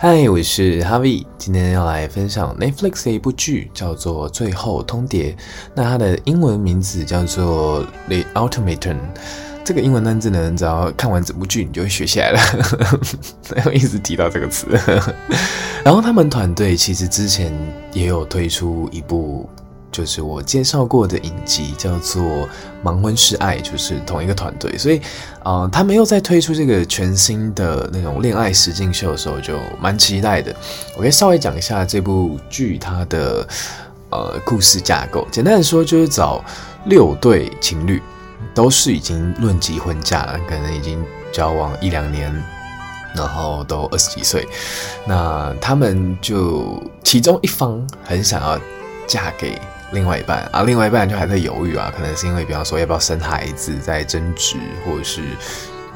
嗨，我是 Harvie，今天要來分享 Netflix 的一部劇，叫做《最後通牒》。那它的英文名字叫做《The Ultimatum》。這個英文單詞呢，只要看完整部劇，你就會學起來了。所以我 一直提到這個詞。 然後他們團隊其實之前也有推出一部。就是我介紹過的影集叫做《盲婚試愛》，就是同一個團隊，所以，呃，他沒有再推出這個全新的那種戀愛實境秀的時候，就蠻期待的。我可以稍微講一下這部劇它的呃故事架構。簡單的說，就是找六對情侶，都是已經論及婚嫁，可能已經交往一兩年，然後都二十幾歲。那他們就其中一方很想要嫁給，另外一半啊，另外一半就還在猶豫啊，可能是因為比方說要不要生孩子，在爭執，或者是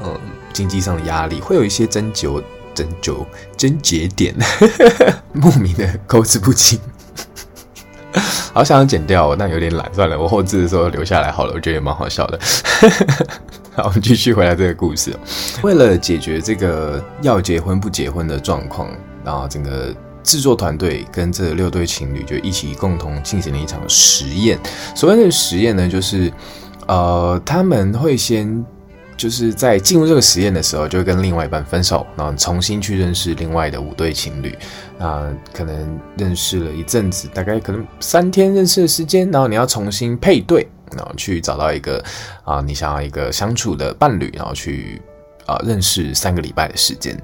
嗯經濟上的壓力，會有一些爭執爭執爭節點呵呵，莫名的口齒不清。好想要剪掉哦，但有點懶，算了，我後製的時候留下來好了，我覺得也蠻好笑的。好，我們繼續回來這個故事哦，為了解決這個要結婚不結婚的狀況，然後整個。製作團隊跟這六對情侶就一起共同進行了一場實驗。所謂的實驗呢，就是，呃，他們會先就是在進入這個實驗的時候，就跟另外一半分手，然後重新去認識另外的五對情侶。啊、呃，可能認識了一陣子，大概可能三天認識的時間，然後你要重新配對，然後去找到一個啊、呃，你想要一個相處的伴侶，然後去啊、呃，認識三個禮拜的時間。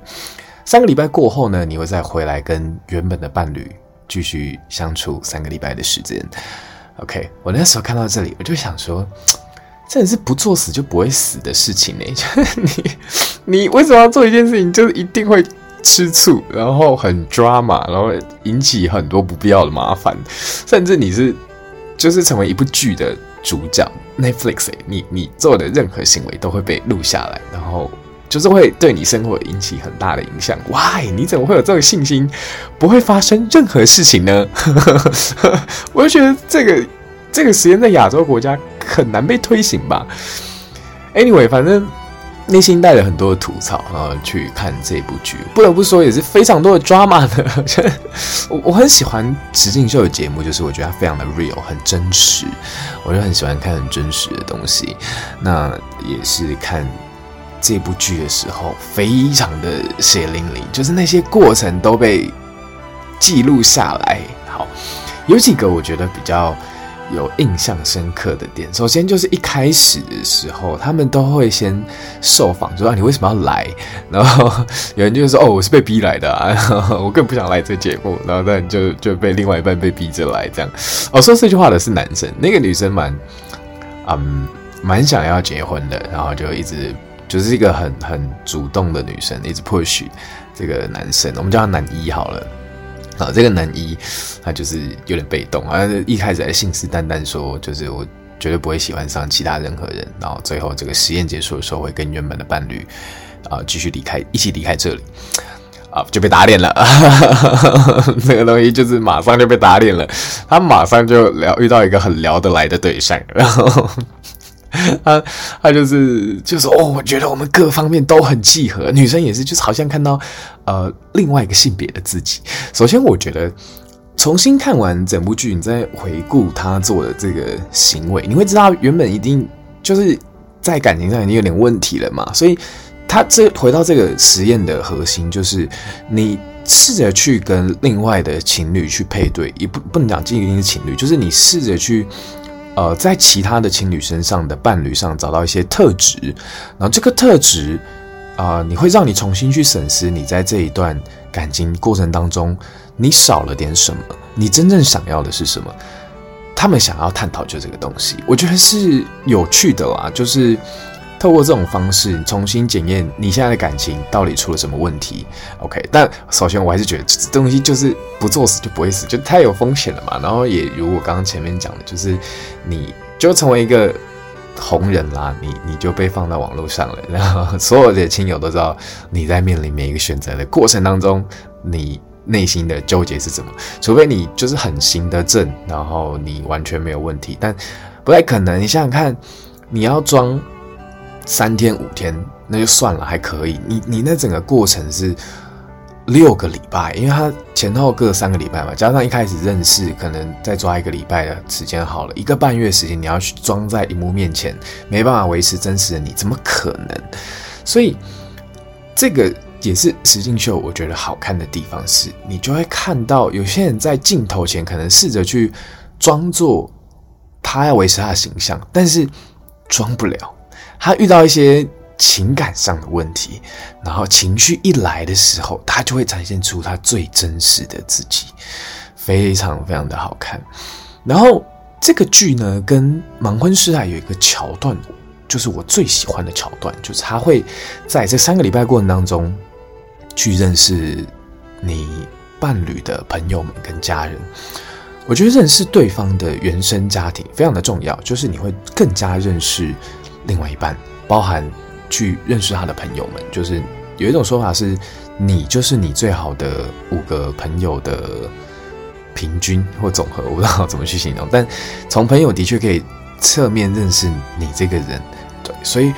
三個禮拜過後呢，你會再回來跟原本的伴侶繼續相處三個禮拜的時間。OK，我那時候看到這裡，我就想說，這也是不作死就不會死的事情呢、欸。就 是你，你為什麼要做一件事情，就一定會吃醋，然後很抓馬，然後引起很多不必要的麻煩，甚至你是就是成為一部劇的主角，Netflix，欸，你你做的任何行為都會被錄下來，然後。就是會對你生活引起很大的影響。Why？你怎麼會有這個信心，不會發生任何事情呢？ 我就覺得這個這個時間在亞洲國家很難被推行吧。Anyway，反正內心帶了很多的吐槽然後去看這部劇，不得不說也是非常多的 drama 的。 我我很喜歡實境秀的節目，就是我覺得它非常的 real，很真實。我就很喜歡看很真實的東西。那也是看。這部劇的時候非常的血淋淋，就是那些過程都被記錄下來。好，有幾個我覺得比較有印象深刻的點。首先就是一開始的時候，他們都會先受訪，就說你為什麼要來？然後有人就會說：“哦，我是被逼來的，啊，然後我更不想來這節目。”然後但就就被另外一半被逼着來這樣。哦，說這句話的是男生，那個女生蠻嗯蠻想要結婚的，然後就一直。就是一個很很主動的女生，一直 push 這個男生，我們叫他男一好了。啊，這個男一他就是有點被動啊，他一開始還信誓旦旦說就是我絕對不會喜歡上其他任何人，然後最後這個實驗結束的時候會跟原本的伴侶啊繼續離開，一起離開這裡，啊就被打臉了。那 個東西就是馬上就被打臉了，他馬上就聊遇到一個很聊得來的對象，然後。 他他就是就是哦，我覺得我們各方面都很契合，女生也是，就是好像看到呃另外一個性別的自己。首先，我覺得重新看完整部劇，你再回顧他做的這個行為，你會知道原本一定就是在感情上已經有點問題了嘛。所以他這回到這個實驗的核心，就是你試着去跟另外的情侶去配對，也不不能講一定是情侶，就是你試着去。呃，在其他的情侶身上的伴侶上找到一些特質，然後這個特質，啊、呃，你會讓你重新去審視你在這一段感情過程當中，你少了點什麼，你真正想要的是什麼？他們想要探討就這個東西，我覺得是有趣的啦，就是。透過這種方式重新檢驗你現在的感情到底出了什麼問題，OK？但首先我還是覺得這東西就是不作死就不會死，就太有風險了嘛。然後也，如我剛剛前面講的，就是你就成為一個紅人啦，你你就被放到網絡上了，然後所有的親友都知道你在面臨每一個選擇的過程當中，你內心的糾結是什麼。除非你就是很行得正，然後你完全沒有問題，但不太可能。你想想看，你要裝。三天五天那就算了，還可以。你你那整個過程是六個禮拜，因為他前後各三個禮拜嘛，加上一開始認識，可能再抓一個禮拜的時間，好了，一個半月時間你要去裝在熒幕面前，沒辦法維持真實的你，怎麼可能？所以這個也是實境秀我覺得好看的地方是，是你就會看到有些人在鏡頭前可能試着去裝作他要維持他的形象，但是裝不了。他遇到一些情感上的問題，然後情緒一來的時候，他就會展現出他最真實的自己，非常非常的好看。然後這個劇呢，跟《盲婚時代》有一個橋段，就是我最喜歡的橋段，就是他會在這三個禮拜過程當中去認識你伴侶的朋友們跟家人。我覺得認識對方的原生家庭非常的重要，就是你會更加認識。另外一半包含去認識他的朋友們，就是有一種說法是，你就是你最好的五個朋友的平均或總和，我不知道怎麼去形容。但從朋友的確可以側面認識你這個人，對，所以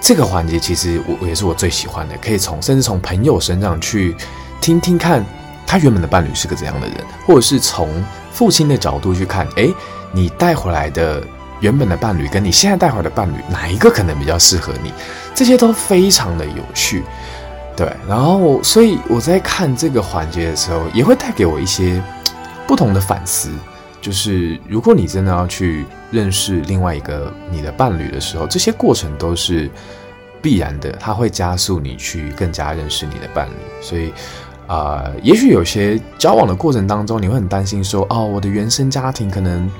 這個環節其實我也是我最喜歡的，可以從甚至從朋友身上去聽聽看他原本的伴侶是個怎樣的人，或者是從父親的角度去看，欸，你帶回來的。原本的伴侶跟你現在帶回來的伴侶哪一個可能比較適合你？這些都非常的有趣，對。然後，所以我在看這個環節的時候，也會帶給我一些不同的反思。就是如果你真的要去認識另外一個你的伴侶的時候，這些過程都是必然的，它會加速你去更加認識你的伴侶。所以，啊、呃，也許有些交往的過程當中，你會很擔心說，哦，我的原生家庭可能。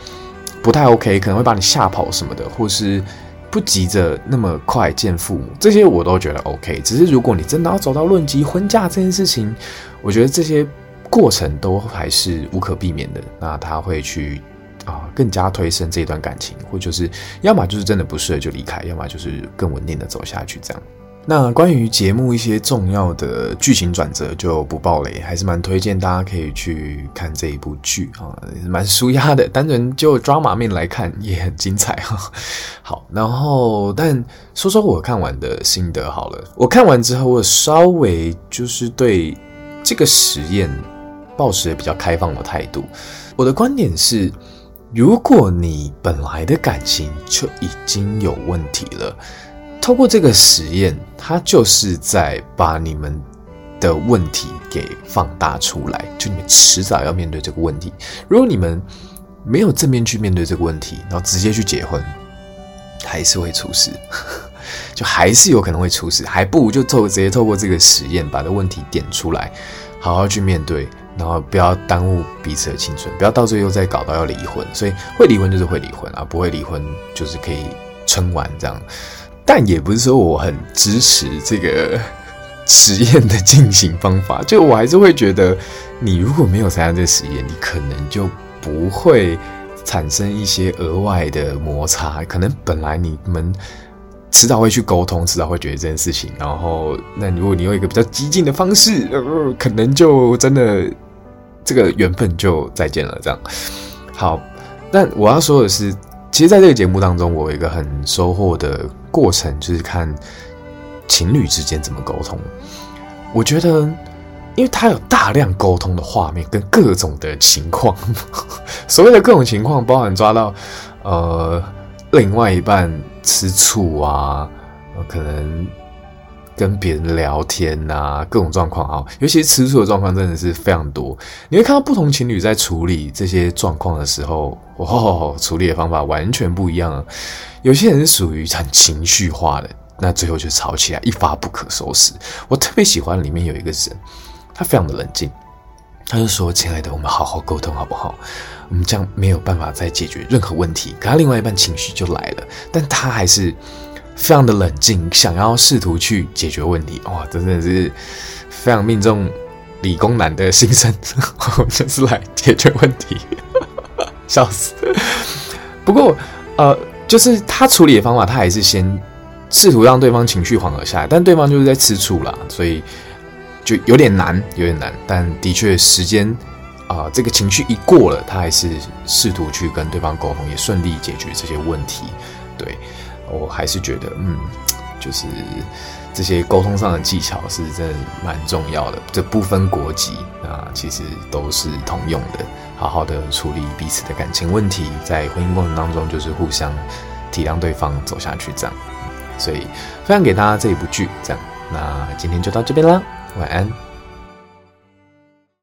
不太 OK，可能會把你嚇跑什麼的，或是不急着那麼快見父母，這些我都覺得 OK。只是如果你真的要走到論及婚嫁這件事情，我覺得這些過程都還是無可避免的。那他會去啊，更加推升這段感情，或就是要麼就是真的不適合就離開，要麼就是更穩定的走下去這樣。那關於節目一些重要的劇情轉折就不爆雷，還是蠻推薦大家可以去看這一部劇啊，蠻舒壓的。單純，就抓馬面來看也很精彩哈。好，然後但說說我看完的心得好了，我看完之後，我稍微就是對這個實驗抱持比較開放的態度。我的觀點是，如果你本來的感情就已經有問題了。透過這個實驗，它就是在把你們的問題給放大出來。就你們遲早要面對這個問題。如果你們沒有正面去面對這個問題，然後直接去結婚，還是會出事， 就還是有可能會出事。還不如就透直接透過這個實驗把這問題點出來，好好去面對，然後不要耽誤彼此的青春，不要到最後再搞到要離婚。所以會離婚就是會離婚啊，不會離婚就是可以春完這樣。但也不是說我很支持這個實驗的進行方法，就我還是會覺得，你如果沒有參加這個實驗，你可能就不會產生一些額外的摩擦。可能本來你們遲早會去溝通，遲早會覺得這件事情。然後，那如果你用一個比較激進的方式，呃，可能就真的這個緣分就再見了。這樣。好，那我要說的是，其實在這個節目當中，我有一個很收穫的。過程就是看情侶之間怎麼溝通。我覺得，因為他有大量溝通的畫面跟各種的情況，所謂的各種情況，包含抓到呃另外一半吃醋啊，可能。跟別人聊天啊，各種狀況啊，尤其是吃醋的狀況，真的是非常多。你會看到不同情侶在處理這些狀況的時候，哦，處理的方法完全不一樣啊。有些人是屬於很情緒化的，那最後就吵起來，一發不可收拾。我特別喜歡裡面有一個人，他非常的冷靜，他就說：“親愛的，我們好好溝通好不好？我們這樣沒有辦法再解決任何問題。”可他另外一半情緒就來了，但他還是。非常的冷靜，想要試圖去解決問題，哇，真的是非常命中理工男的心聲， 就是來解決問題，笑死。不過，呃，就是他處理的方法，他還是先試圖讓對方情緒緩和下來，但對方就是在吃醋了，所以就有點難，有點難。但的確，時間啊，這個情緒一過了，他還是試圖去跟對方溝通，也順利解決這些問題，對。我還是覺得，嗯，就是這些溝通上的技巧是真的蠻重要的，這不分國籍，那其實都是通用的。好好的處理彼此的感情問題，在婚姻過程當中，就是互相體諒對方走下去這樣。所以分享給大家這一部劇這樣，那今天就到這邊啦，晚安。